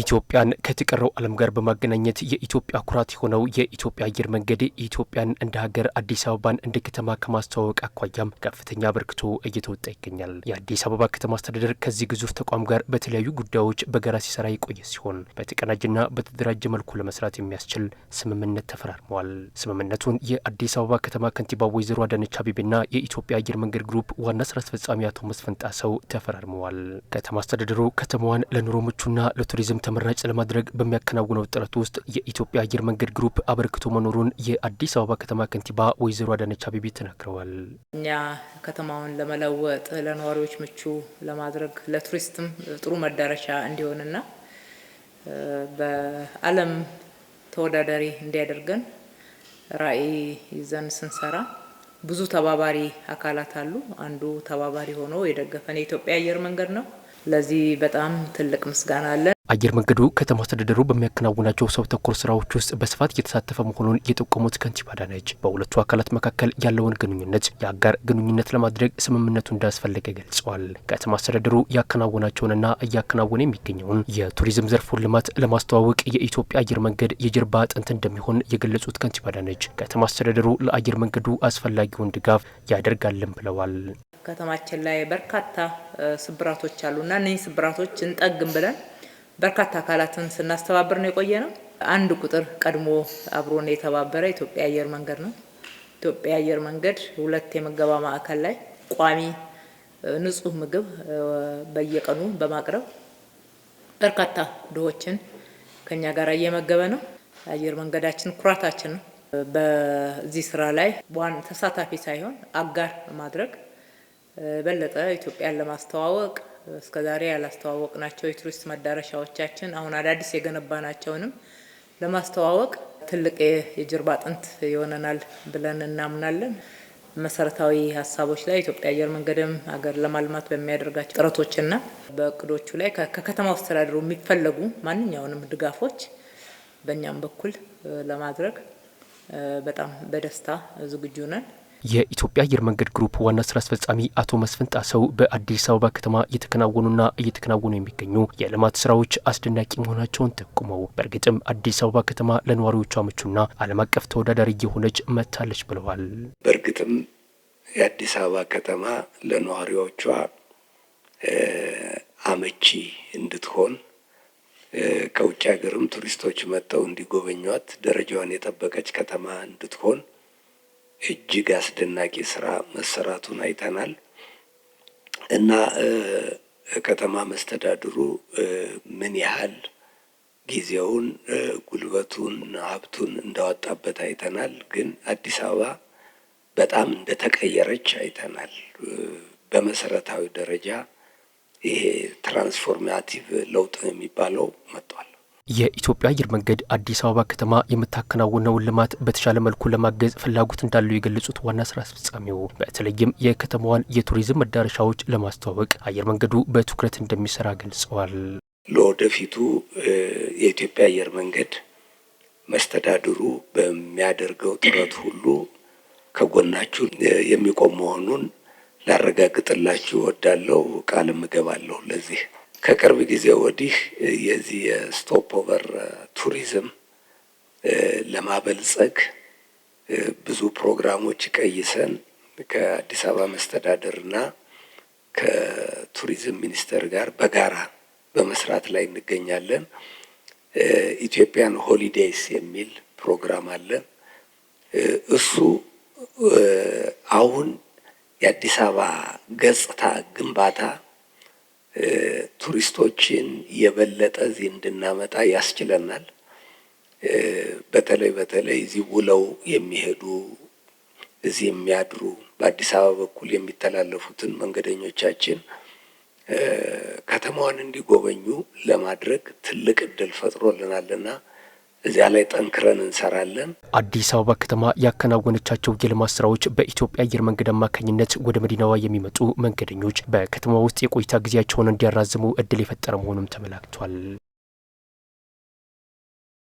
ኢትዮጵያን ከተቀረው ዓለም ጋር በማገናኘት የኢትዮጵያ ኩራት የሆነው የኢትዮጵያ አየር መንገድ ኢትዮጵያን እንደ ሀገር አዲስ አበባን እንደ ከተማ ከማስተዋወቅ አኳያም ከፍተኛ አበርክቶ እየተወጣ ይገኛል። የአዲስ አበባ ከተማ አስተዳደር ከዚህ ግዙፍ ተቋም ጋር በተለያዩ ጉዳዮች በጋራ ሲሰራ የቆየ ሲሆን በተቀናጅና በተደራጀ መልኩ ለመስራት የሚያስችል ስምምነት ተፈራርመዋል። ስምምነቱን የአዲስ አበባ ከተማ ከንቲባ ወይዘሮ አዳነች አቤቤና የኢትዮጵያ አየር መንገድ ግሩፕ ዋና ስራ አስፈጻሚ አቶ መስፍን ጣሰው ተፈራርመዋል። ከተማ አስተዳደሩ ከተማዋን ለኑሮ ምቹና ለቱሪዝም ተመራጭ ለማድረግ በሚያከናውነው ጥረት ውስጥ የኢትዮጵያ አየር መንገድ ግሩፕ አበርክቶ መኖሩን የአዲስ አበባ ከተማ ከንቲባ ወይዘሮ አዳነች አቤቤ ተናግረዋል። እኛ ከተማውን ለመለወጥ ለነዋሪዎች ምቹ ለማድረግ ለቱሪስትም ጥሩ መዳረሻ እንዲሆንና በዓለም ተወዳዳሪ እንዲያደርገን ራዕይ ይዘን ስንሰራ ብዙ ተባባሪ አካላት አሉ። አንዱ ተባባሪ ሆኖ የደገፈን የኢትዮጵያ አየር መንገድ ነው። ለዚህ በጣም ትልቅ ምስጋና አለን። አየር መንገዱ ከተማ አስተዳደሩ በሚያከናውናቸው ሰው ተኮር ስራዎች ውስጥ በስፋት እየተሳተፈ መሆኑን የጠቆሙት ከንቲባ አዳነች በሁለቱ አካላት መካከል ያለውን ግንኙነት የአጋር ግንኙነት ለማድረግ ስምምነቱ እንዳስፈለገ ገልጸዋል። ከተማ አስተዳደሩ ያከናወናቸውንና እያከናወነ የሚገኘውን የቱሪዝም ዘርፉን ልማት ለማስተዋወቅ የኢትዮጵያ አየር መንገድ የጀርባ አጥንት እንደሚሆን የገለጹት ከንቲባ አዳነች ከተማ አስተዳደሩ ለአየር መንገዱ አስፈላጊውን ድጋፍ ያደርጋልን ብለዋል። ከተማችን ላይ በርካታ ስብራቶች አሉና እነዚህ ስብራቶች እንጠግም ብለን በርካታ አካላትን ስናስተባብር ነው የቆየ ነው። አንድ ቁጥር ቀድሞ አብሮን የተባበረ ኢትዮጵያ አየር መንገድ ነው። ኢትዮጵያ አየር መንገድ ሁለት የምገባ ማዕከል ላይ ቋሚ ንጹህ ምግብ በየቀኑ በማቅረብ በርካታ ድሆችን ከኛ ጋር እየመገበ ነው። አየር መንገዳችን ኩራታችን ነው። በዚህ ስራ ላይ ዋን ተሳታፊ ሳይሆን አጋር ማድረግ የበለጠ ኢትዮጵያን ለማስተዋወቅ እስከ ያላስተዋወቅ ያላስተዋወቅናቸው የቱሪስት መዳረሻዎቻችን አሁን አዳዲስ የገነባናቸውንም ለማስተዋወቅ ትልቅ የጀርባ አጥንት ይሆነናል ብለን እናምናለን። መሰረታዊ ሀሳቦች ላይ ኢትዮጵያ አየር መንገድም ሀገር ለማልማት በሚያደርጋቸው ጥረቶችና በእቅዶቹ ላይ ከከተማ አስተዳደሩ የሚፈለጉ ማንኛውንም ድጋፎች በእኛም በኩል ለማድረግ በጣም በደስታ ዝግጁ ነን። የኢትዮጵያ አየር መንገድ ግሩፕ ዋና ስራ አስፈጻሚ አቶ መስፍን ጣሰው በአዲስ አበባ ከተማ እየተከናወኑና እየተከናወኑ የሚገኙ የልማት ስራዎች አስደናቂ መሆናቸውን ጠቁመው በእርግጥም አዲስ አበባ ከተማ ለነዋሪዎቿ ምቹና ዓለም አቀፍ ተወዳዳሪ እየሆነች መጥታለች ብለዋል። በእርግጥም የአዲስ አበባ ከተማ ለነዋሪዎቿ አመቺ እንድትሆን ከውጭ ሀገርም ቱሪስቶች መጥተው እንዲጎበኟት ደረጃዋን የጠበቀች ከተማ እንድትሆን እጅግ አስደናቂ ስራ መሰራቱን አይተናል እና ከተማ መስተዳድሩ ምን ያህል ጊዜውን፣ ጉልበቱን፣ ሀብቱን እንዳወጣበት አይተናል። ግን አዲስ አበባ በጣም እንደተቀየረች አይተናል። በመሰረታዊ ደረጃ ይሄ ትራንስፎርማቲቭ ለውጥ የሚባለው መጥቷል። የኢትዮጵያ አየር መንገድ አዲስ አበባ ከተማ የምታከናውነውን ልማት በተሻለ መልኩ ለማገዝ ፍላጎት እንዳለው የገለጹት ዋና ስራ አስፈጻሚው በተለይም የከተማዋን የቱሪዝም መዳረሻዎች ለማስተዋወቅ አየር መንገዱ በትኩረት እንደሚሰራ ገልጸዋል። ለወደፊቱ የኢትዮጵያ አየር መንገድ መስተዳድሩ በሚያደርገው ጥረት ሁሉ ከጎናችሁ የሚቆም መሆኑን ላረጋግጥላችሁ እወዳለሁ። ቃል እገባለሁ ለዚህ ከቅርብ ጊዜ ወዲህ የዚህ የስቶፕ ኦቨር ቱሪዝም ለማበልጸግ ብዙ ፕሮግራሞች ቀይሰን ከአዲስ አበባ መስተዳደርና ከቱሪዝም ሚኒስቴር ጋር በጋራ በመስራት ላይ እንገኛለን። ኢትዮጵያን ሆሊዴይስ የሚል ፕሮግራም አለ። እሱ አሁን የአዲስ አበባ ገጽታ ግንባታ ቱሪስቶችን የበለጠ እዚህ እንድናመጣ ያስችለናል። በተለይ በተለይ እዚህ ውለው የሚሄዱ እዚህ የሚያድሩ በአዲስ አበባ በኩል የሚተላለፉትን መንገደኞቻችን ከተማዋን እንዲጎበኙ ለማድረግ ትልቅ እድል ፈጥሮልናልና እዚያ ላይ ጠንክረን እንሰራለን። አዲስ አበባ ከተማ ያከናወነቻቸው የልማት ስራዎች በኢትዮጵያ አየር መንገድ አማካኝነት ወደ መዲናዋ የሚመጡ መንገደኞች በከተማ ውስጥ የቆይታ ጊዜያቸውን እንዲያራዝሙ እድል የፈጠረ መሆኑም ተመላክቷል።